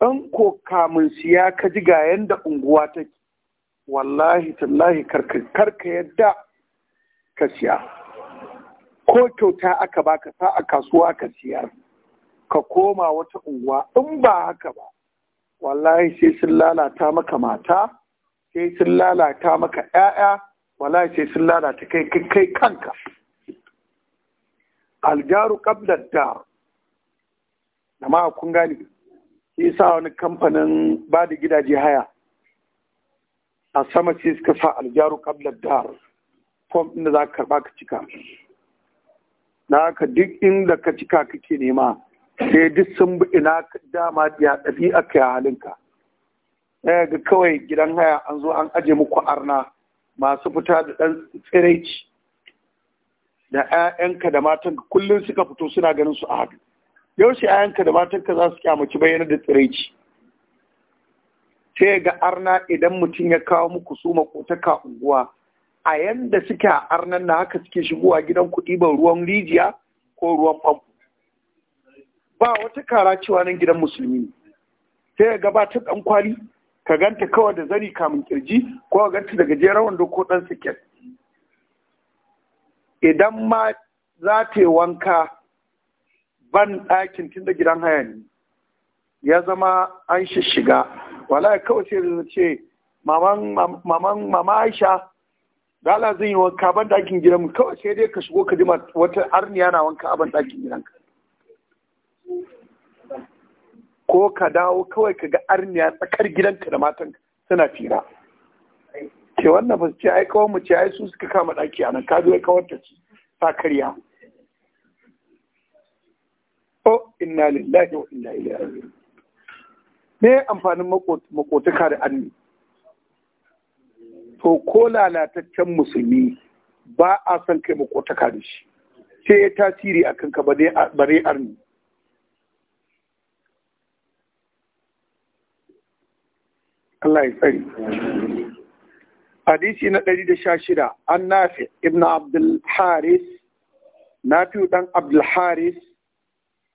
ɗan ko kamun siya ka ji ga yadda unguwa ke, wallahi tallahi karka yadda ka siya ko kyauta aka baka sa a kasuwa ka siya ka koma wata unguwa in ba haka ba wallahi sai sun lalata maka mata sai sun lalata maka 'ya'ya wallahi sai sun lalata kai kai kanka aljaru qabla da amma kun gani sai sa wani kamfanin ba da gidaje haya a sama sai suka sa aljaru qabla da form inda za ka karba ka cika na haka duk inda ka cika kake nema sai duk sun bi ina dama ya ɗabi aka yi halinka ɗaya ga kawai gidan haya an zo an aje muku arna masu fita da ɗan tsiraici da 'ya'yanka da matanka kullum suka fito suna ganin su a haɗu yaushe 'ya'yanka da matanka za su kyamaci bayyana da tsiraici sai ga arna idan mutum ya kawo muku su makotaka unguwa a yanda suke a arnan na haka suke shigowa gidan kuɗi ban ruwan rijiya ko ruwan famfo ba wata kara cewa nan gidan musulmi sai ya gabatar dan kwali ka ganta kawai da zani kamun kirji ko ka ganta da gajeren wando ko dan siket idan ma za ta yi wanka ban ɗakin tun da gidan haya ne ya zama an shishiga wala kawai sai da ce maman mama aisha da Allah zan yi wanka ban ɗakin gidan mu kawai sai dai ka shigo ka jima wata arniya na wanka a ban ɗakin gidanka ko ka dawo kawai ka ga arniya tsakar gidanka da matan suna fira ke wannan ba su ce ai kawai mu ce ai su suka kama daki a nan ka zo kawar ta ci ta karya o inna lillahi wa inna ilaihi raji'un me amfanin makotuka da arni to ko lalataccen musulmi ba a son kai makotuka da shi sai ya tasiri akan ka bare arni Allah ya tsari hadisi na ɗari da sha shida, an nafi ibn abdul haris nafi ɗan abdul haris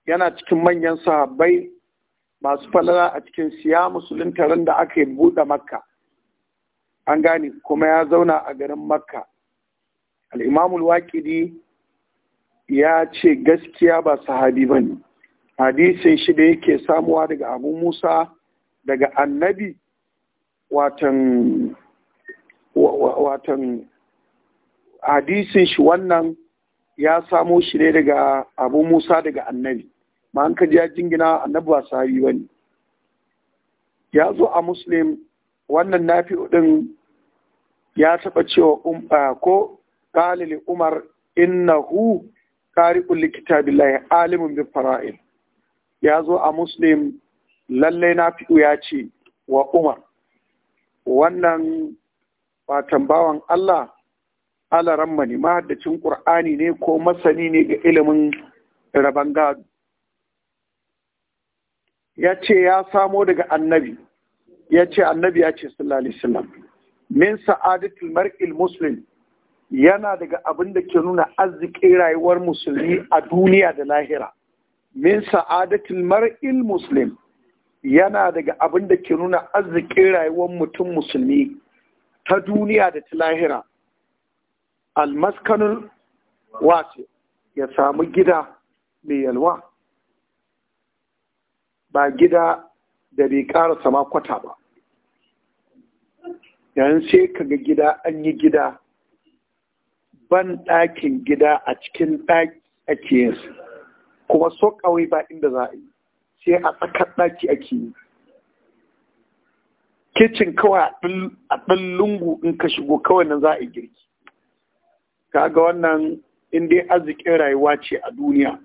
yana cikin manyan sahabbai masu falala a cikin siya musulun taron da aka yi buɗe makka an gane kuma ya zauna a garin makka al'imamul waƙidi ya ce gaskiya ba sahabi ba ne hadisin shi da yake samuwa daga abu musa daga annabi watan watan hadisin shi wannan ya samo shi ne daga abu musa daga annabi ma an kaji ya jingina annabi ba sahabi ba ne ya zo a muslim wannan nafi din ya taɓa cewa um, ko ƙalili umar innahu ƙari'un likitabillahi alimin bin fara'il ya zo a muslim lallai nafi'u ya ce wa umar wannan ba bawan Allah alaran mani mahaddacin ƙur'ani ne ko masani ne ga ilimin rabon gado ya ce ya samo daga annabi ya ce annabi ya ce sallallahu alaihi wasallam min sa'adatul mar'il muslim yana daga abin da ke nuna arzikin rayuwar musulmi a duniya da lahira min sa'adatul mar'il muslim yana daga abin da ke nuna arzikin rayuwar mutum musulmi ta duniya da ta lahira almaskanul wace ya samu gida mai yalwa ba gida da bai ƙara sama kwata ba yayin sai kaga gida an yi gida ban ɗakin gida a cikin ɗaki ake yinsu kuma so ƙawai ba inda za a yi sai a tsakar ɗaki ake yi kicin kawai a ɗan lungu in ka shigo kawai nan za a yi girki kaga wannan in dai arzikin rayuwa ce a duniya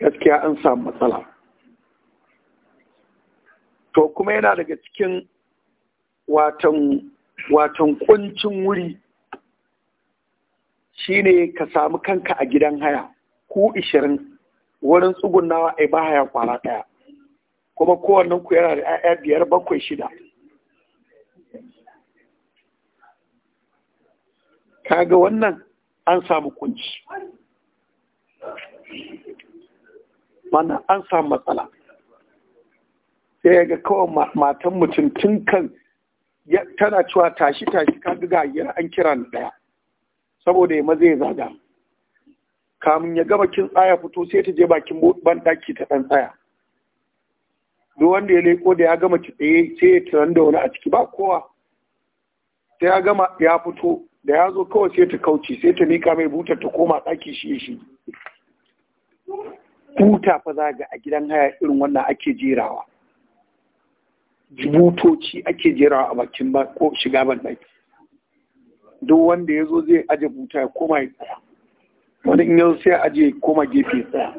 gaskiya an samu matsala to kuma yana daga cikin watan watan kuncin wuri shine ka samu kanka a gidan haya ku ishirin wurin tsugunawa ai ba haya kwara ɗaya kuma kowannen ku yana da 'ya'ya biyar bakwai shida kaga wannan an samu kunci mana an samu matsala sai ga kawai matan mutum tun kan tana cewa tashi tashi kaga gagiyar an kira ni daya saboda ya zai zaga kamun ya gaba kin tsaya fito sai ta je bakin banɗaki ta ɗan tsaya duk wanda ya leko da ya gama tsaye sai ya tunan da wani a ciki ba kowa sai ya gama ya fito da ya zo kawai sai ta kauce sai ta mika mai butar ta koma ɗaki shi shi buta fa za ga a gidan haya irin wannan ake jerawa butoci ake jerawa a bakin ba ko shiga ban ɗaki duk wanda ya zo zai aje buta ya koma ya tsaya wani in yau sai aje koma gefe tsaya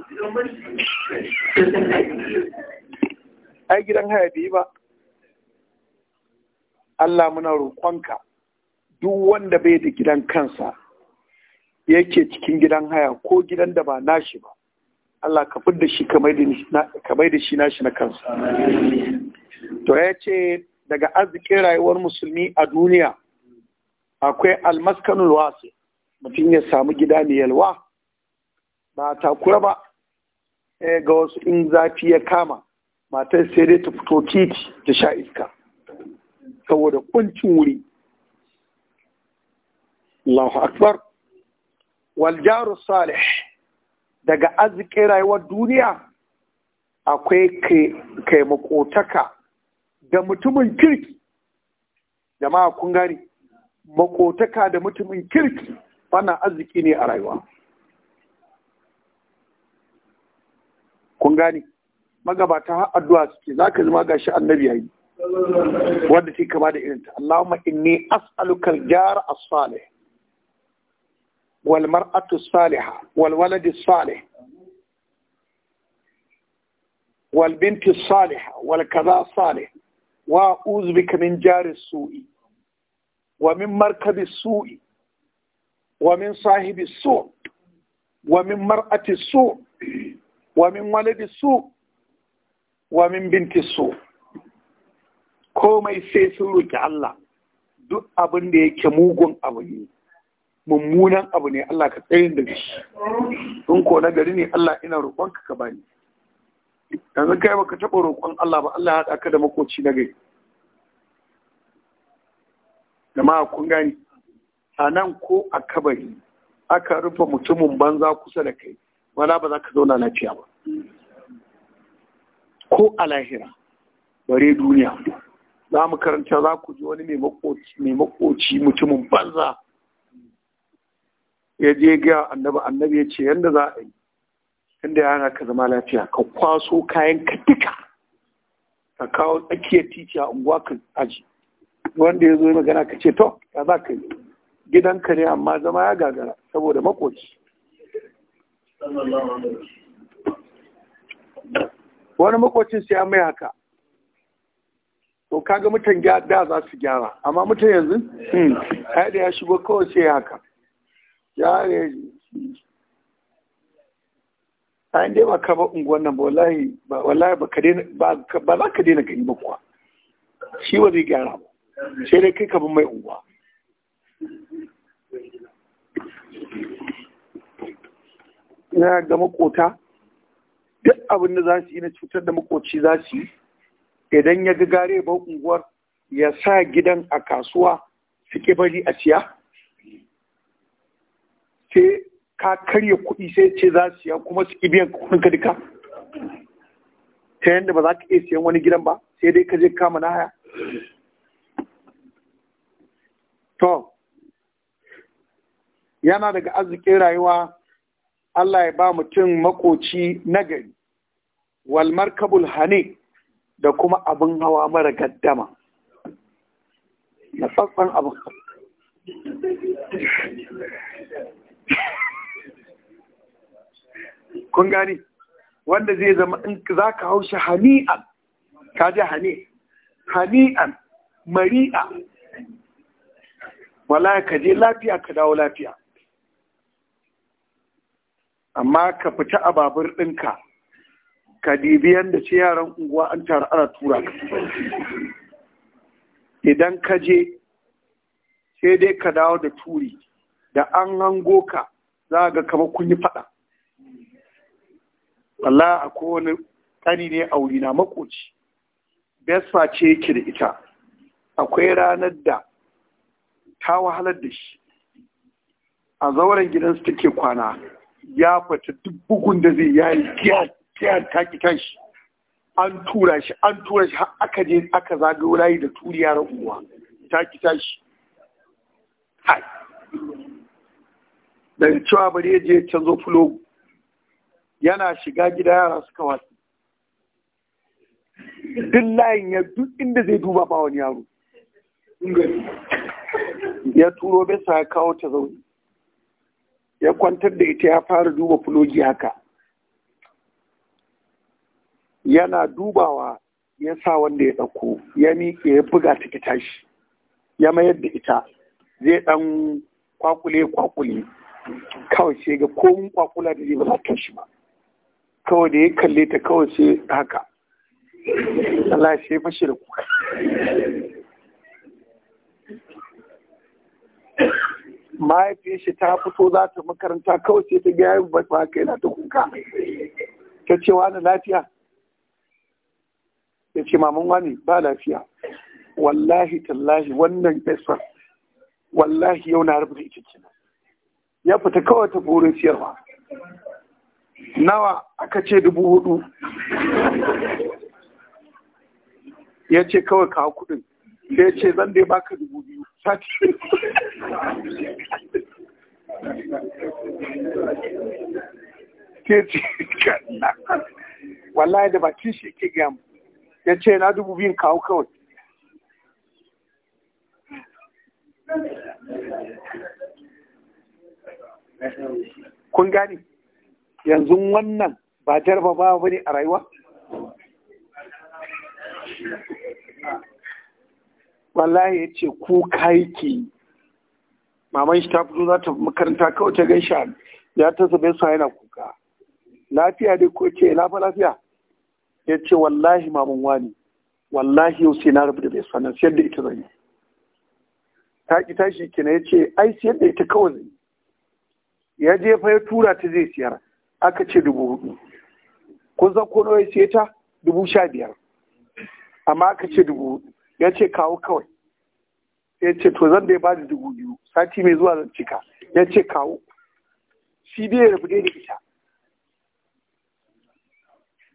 ai gidan haya bai ba Allah muna roƙonka duk wanda bai da gidan kansa yake cikin gidan haya ko gidan da ba nashi ba Allah ka da shi kamar da shi nashi na kansa to ya ce daga arzikin rayuwar musulmi a duniya akwai almaskanul wasu mutum ya samu gida mai yalwa ba takura ba ga wasu in zafi ya kama matar sai dai ta fito titi ta sha iska saboda kuncin wuri Allahu akbar wal jaru salih daga arzikin rayuwar duniya akwai kai makotaka da mutumin kirki jama'a kun gani makotaka da mutumin kirki Bana arziki ne a rayuwa kun gani magabata addu'a suke za ka zama gashi annabi yayi wanda take kama da irinta Allahumma inni as'aluka jar as-salih wal mar'atu as-salihah wal walad as-salih wal binti as-salihah wal kaza as-salih wa a'udhu bika min jar as-su'i wa min markabi as-su'i wa min sahibi as-su' wa min mar'ati as-su' wa min walad as-su' wa min binti so komai sai sun roki Allah duk abin da yake mugun abu ne mummunan abu ne Allah ka tsayin da shi Sun ko na gari ne Allah ina roƙonka ka bani yanzu kai baka taɓa roƙon Allah ba Allah ya haɗa ka da makoci na gari jama'a kun gani a nan ko a kabari aka rufe mutumin banza kusa da kai wala ba za ka zauna lafiya ba ko a lahira bare duniya za mu karanta za ku ji wani mai makoci mutumin banza ya je ga annabi annabi ya ce yadda za a yi inda ya hana ka zama lafiya ka kwaso kayan ka duka ka kawo tsakiyar titi a unguwa ka aji wanda ya zo magana ka ce to ya za ka yi gidanka ne amma zama ya gagara saboda makoci wani makwacin sai ya mai haka to kaga mutan da za su gyara amma mutan yanzu hmm, ai da ya shigo kawai sai haka ya ne an dai ba ka ba unguwan nan wallahi ba wallahi ba ka daina ba za ka daina gani ba kuwa shi ba zai gyara ba sai dai kai ka bi mai unguwa na ga makota duk abin da za su yi na cutar da makoci za su yi idan ya ga gare ba unguwar ya sa gidan a kasuwa suke bari a ciya sai ka karya kuɗi sai ce za su yi kuma su biyan kuɗin ka duka ta yadda ba za ka iya siyan wani gidan ba sai dai ka je kama na haya to yana daga arzikin rayuwa Allah ya ba mutum makoci nagari Walmar kabul hane da kuma abin hawa mara gaddama na tsatsan abin kun gani wanda zai zama in za ka hau shi hani'an ka ji hane hani'an mari'a wala ka je lafiya ka dawo lafiya amma ka fita a babur ɗinka ka dibi yadda ce yaran unguwa an tara ana tura ka. idan ka je sai dai ka dawo da turi da an hango ka za ga kama kun yi faɗa Allah a kowane ƙani ne a wurina makoci besfa ce yake da ita akwai ranar da ta wahalar da shi a zauren gidansu take kwana ya fata duk bugun da zai yayi kiyasi sai an taki kanshi an tura shi an tura shi aka je aka zagayo layi da turi na uwa taki tashi hai daga cewa bari ya je canzo fulo yana shiga gida yara suka wasu duk layin ya duk inda zai duba ba wani yaro ya turo bisa ya kawo ta zaune ya kwantar da ita ya fara duba fulogi haka yana dubawa ya sa wanda ya ɗauko ya miƙe ya buga ta ki tashi ya mayar da ita zai ɗan kwakule kwakule kawai sai ga komin kwakula da zai ba za ta shi ba kawai da ya kalle ta kawai sai haka Allah sai fashe da kuka mahaifiyar shi ta fito za ta makaranta kawai sai ta gaya ba kai na ta kuka ta ce na lafiya ya ce maman wani ba lafiya wallahi tallahi wannan esfar wallahi yau na rubuta ita kenan ya fita kawai ta burin siyarwa nawa aka ce dubu hudu ya ce kawai kawo kudin ya ce zan dai baka dubu biyu sati ce wallahi da bakin shi ke gamu ya ce na dubu biyun kawo kawai kun gane yanzu wannan ba jarba ba ne a rayuwa wallahi ya ce kuka yake maman shi ta fito za ta makaranta kawai ta gan sha ya ta zabe sa yana kuka lafiya dai ko ce lafa lafiya ya ce wallahi mamun wani wallahi yau sai na rabu da bai sanar siyar da ita zan yi ta ki tashi kina ya ce ai siyar da ita kawai zan ya je fa ya tura ta zai siyar aka ce dubu hudu kun san ko nawa ya siye ta dubu sha biyar amma aka ce dubu hudu ya ce kawo kawai ya ce to zan dai bada dubu biyu sati mai zuwa zan cika ya ce kawo shi dai ya rabu dai da ita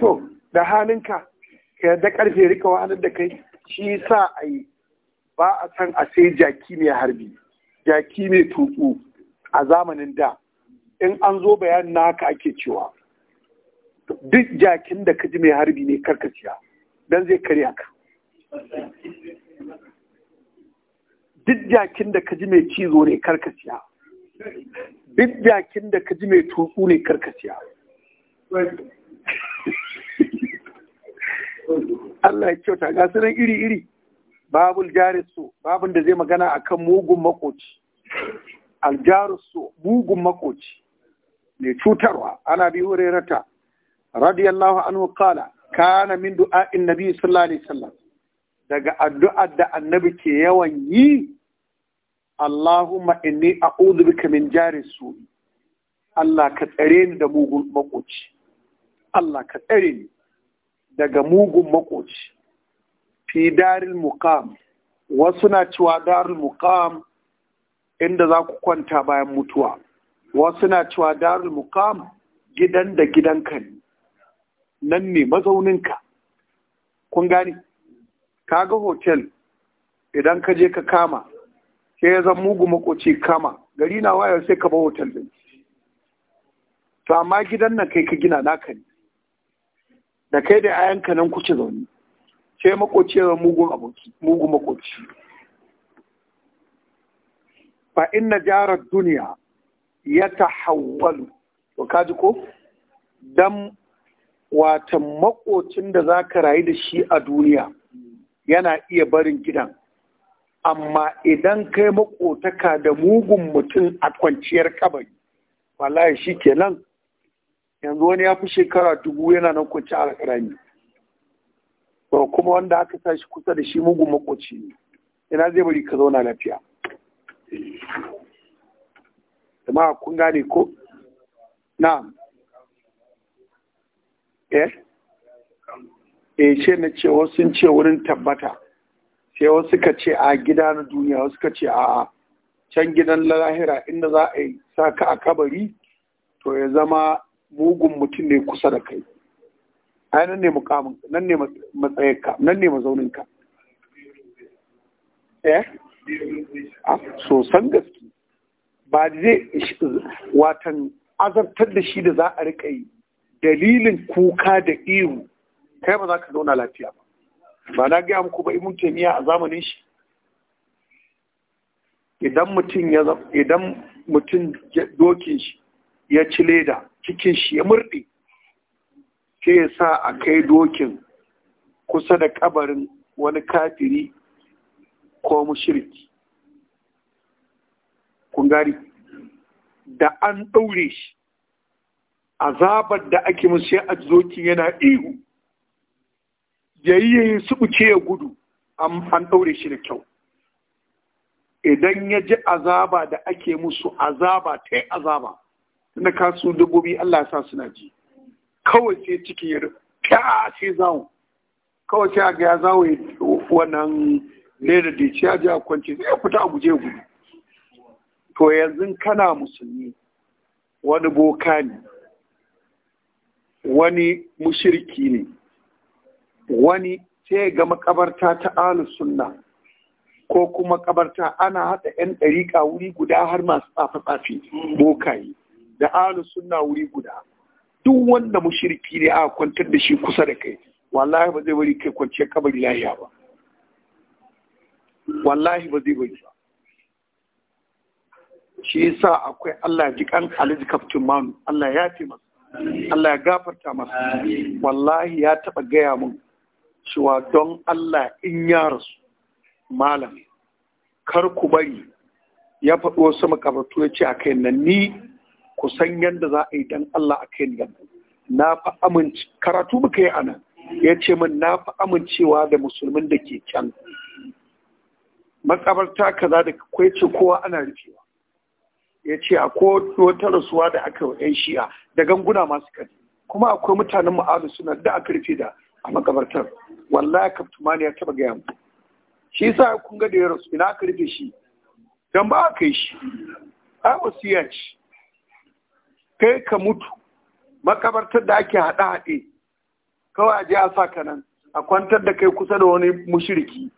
to da halinka ka da karfe rika wahalar da kai shi sa a yi ba a san a sai jaki mai harbi jaki mai tutu a zamanin da in an zo bayanin na haka ake cewa duk jakin da ka ji mai harbi ne karkaciya don zai karya ka duk jakin da ka ji mai cizo ne karkaciya duk jakin da ka ji mai tutsu ne karkaciya Allah ya kyauta ga sunan iri-iri babul jarisu babun da zai magana akan mugun makoci aljarisu mugun makoci mai cutarwa ana bi hurairata radiyallahu anhu qala kana min du'a'in nabi sallallahu alaihi wasallam daga addu'ar da annabi ke yawan yi Allahumma inni a'udhu bika min jarisu Allah ka tsare ni da mugun makoci Allah ka tsare ni daga mugun makoci fi daril muqam wasu na cewa daril muqam inda za ku kwanta bayan mutuwa wasu na cewa daril muqam gidan da gidanka ne nan ne mazauninka kun gane ga hotel idan ka je ka kama sai ya zan mugu makoci kama gari na wayar sai ka ba hotel din to amma gidan nan kai ka gina naka ne da kai da ayanka nan kuke zaune sai makoci ya mugun aboki mugun makoci fa inna jarar duniya ya tahawwalu to kaji ko dan watan makocin da za ka rayu da shi a duniya yana iya barin gidan amma idan kai makotaka da mugun mutum a kwanciyar kabari wallahi shi kenan yanzu wani ya fi shekara dubu yana nan kwanci a rami ba kuma wanda aka sa shi kusa da shi mugun makoci ne ina zai bari ka zauna lafiya jama'a kun gane ko na eh eh ce na ce wasu sun ce wurin tabbata sai wasu suka ce a gida na duniya wasu ka ce a can gidan lahira inda za a yi ka a kabari to ya zama mugun mutum ne kusa da kai ai nan ne mukamin nan ne matsayinka, nan ne mazauninka eh san gaske ba zai watan azabtar da shi da za a riƙa yi dalilin kuka da iru kai ba za ka zauna lafiya ba ba na gaya muku ba imun kemiya a zamanin shi idan mutum ya idan mutum dokin shi ya ci leda cikin shi ya murɗe sai sa a kai dokin kusa da kabarin wani kafiri ko mushriki kun gari da an ɗaure shi azabar da ake musu ya yana ihu yayi su ya gudu an ɗaure shi da kyau idan ya ji azaba da ake musu azaba ta azaba na kasu dabbobi Allah sa suna ji kawai sai ciki ya ta sai zawo kawai sai ga ya zawo wannan leda da ciya ji a kwance sai ya fita a guje gudu to yanzu kana musulmi wani boka ne wani mushirki ne wani sai ga makabarta ta ahlus sunna ko kuma kabarta ana haɗa 'yan ɗariƙa wuri guda har masu tsafe-tsafe bokaye da ahlus sunna wuri guda duk wanda mushriki ne a kwantar da shi kusa da kai wallahi ba zai bari kai kwance kabari lahiya ba wallahi ba zai bari ba shi yasa akwai Allah ji kan Khalid Kaftin Manu Allah ya ce masa Allah ya gafarta masa wallahi ya taba gaya mun cewa don Allah in ya rasu malam kar ku bari ya faɗo sama makabartu ya ce a kai nan ni ku san yadda za a yi dan Allah a kai yadda. na fi amince karatu muka yi anan ya ce min na fi amincewa da musulmin da ke can Matsabarta kaza da kai ce kowa ana rufewa ya ce akwai wata rasuwa da aka yi yan shi'a da ganguna masu kari kuma akwai mutanen mu'adu suna da aka rufe da a makabartar wallahi kaftumani ya taba gaya mu shi yasa kun ga da ya rasu ina aka rufe shi dan ba aka yi shi a wasiya ce kai ka mutu makabartar da ake haɗe-haɗe kawai a je a sa ka nan a kwantar da kai kusa da wani mushiriki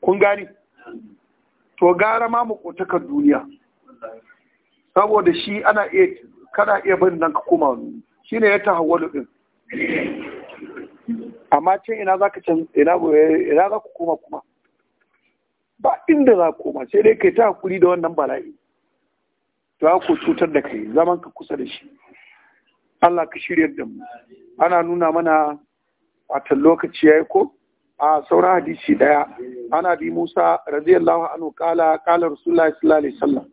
kun gani to gara ma makotakar duniya saboda shi ana iya kana iya bin nan ka koma shi ne ya ta hawalu din amma can ina za ka can ina za ku koma kuma ba inda za ku koma sai dai kai ta hakuri da wannan bala'i to ku cutar da kai zaman ka kusa da shi Allah ka shiryar da mu ana nuna mana wata lokaci yi ko a sauran hadisi daya ana bi Musa radiyallahu anhu kala kala Rasulullahi sallallahu alaihi wasallam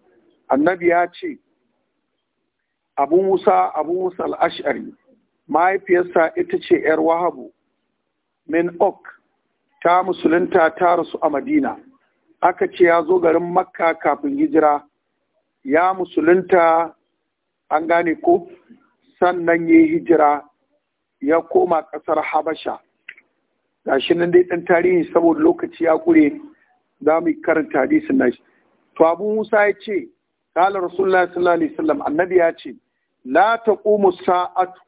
annabi ya ce Abu Musa Abu Musa al-Ash'ari mahaifiyarsa ita ce ‘yar wahabu min ok ta musulunta ta rasu a madina aka ce ya zo garin makka kafin hijira ya musulunta an gane ko sannan ya yi hijira ya koma ƙasar habasha shi nan dai ɗan tarihi saboda lokaci ya ƙure za mu karanta hadisin nashi to abu musa ya ce kala rasulullah sallallahu alaihi wasallam annabi ya ce la taqumu sa'atu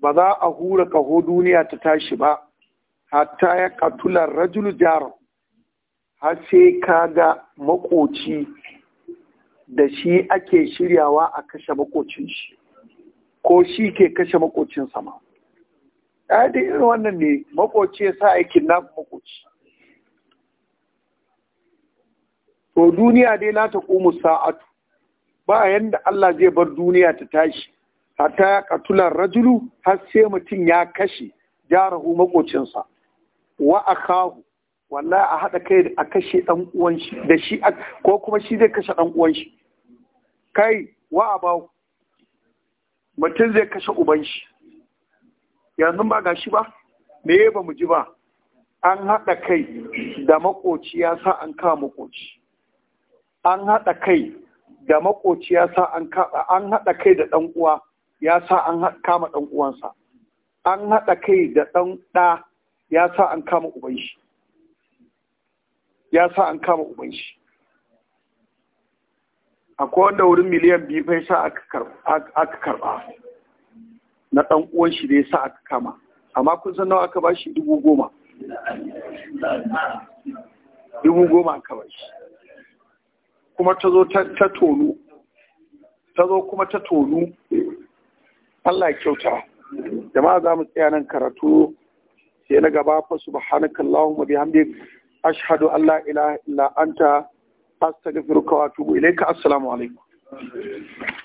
ba za a hura kaho duniya ta tashi ba hatta ya katula rajulu jarar har sai ka ga makoci da shi ake shiryawa a kashe makocin shi ko shi ke kashe makocin sama ya irin wannan ne makoci ya sa aikin na makoci to duniya dai na ta ƙumu sa'atu ba yadda Allah zai bar duniya ta tashi hatta ya katular rajulu har sai mutum ya kashe jarahu makocinsa wa akahu wallahi a haɗa kai a kashe ɗan uwan shi da shi ko kuma shi zai kashe ɗan uwan shi kai wa a mutum zai kashe uban shi yanzu ba gashi ba me ba mu ji ba an haɗa kai da makoci ya sa an ka makoci an haɗa kai da makoci ya sa an kaɗa an haɗa kai da ɗan uwa ya sa an kama ɗan uwansa an haɗa kai da ɗan ɗa ya sa an kama uban shi ya sa an kama uban shi akwai wanda wurin miliyan biyu fa sa aka karba na dan uwan shi da ya sa aka kama amma kun san nawa aka ba shi dubu goma dubu goma aka ba shi kuma ta zo ta tonu ta zo kuma ta tonu Allah ya kyauta jama'a za mu tsaya nan karatu sai na gaba fa subhanakallahumma bihamdika ashhadu an la ilaha illa anta astaghfiruka wa atubu ilayka assalamu alaikum